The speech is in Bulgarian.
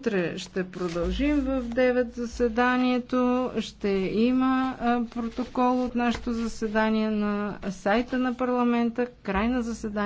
Утре ще продължим в 9 заседанието. Ще има протокол от нашето заседание на сайта на парламента. Край на заседанието.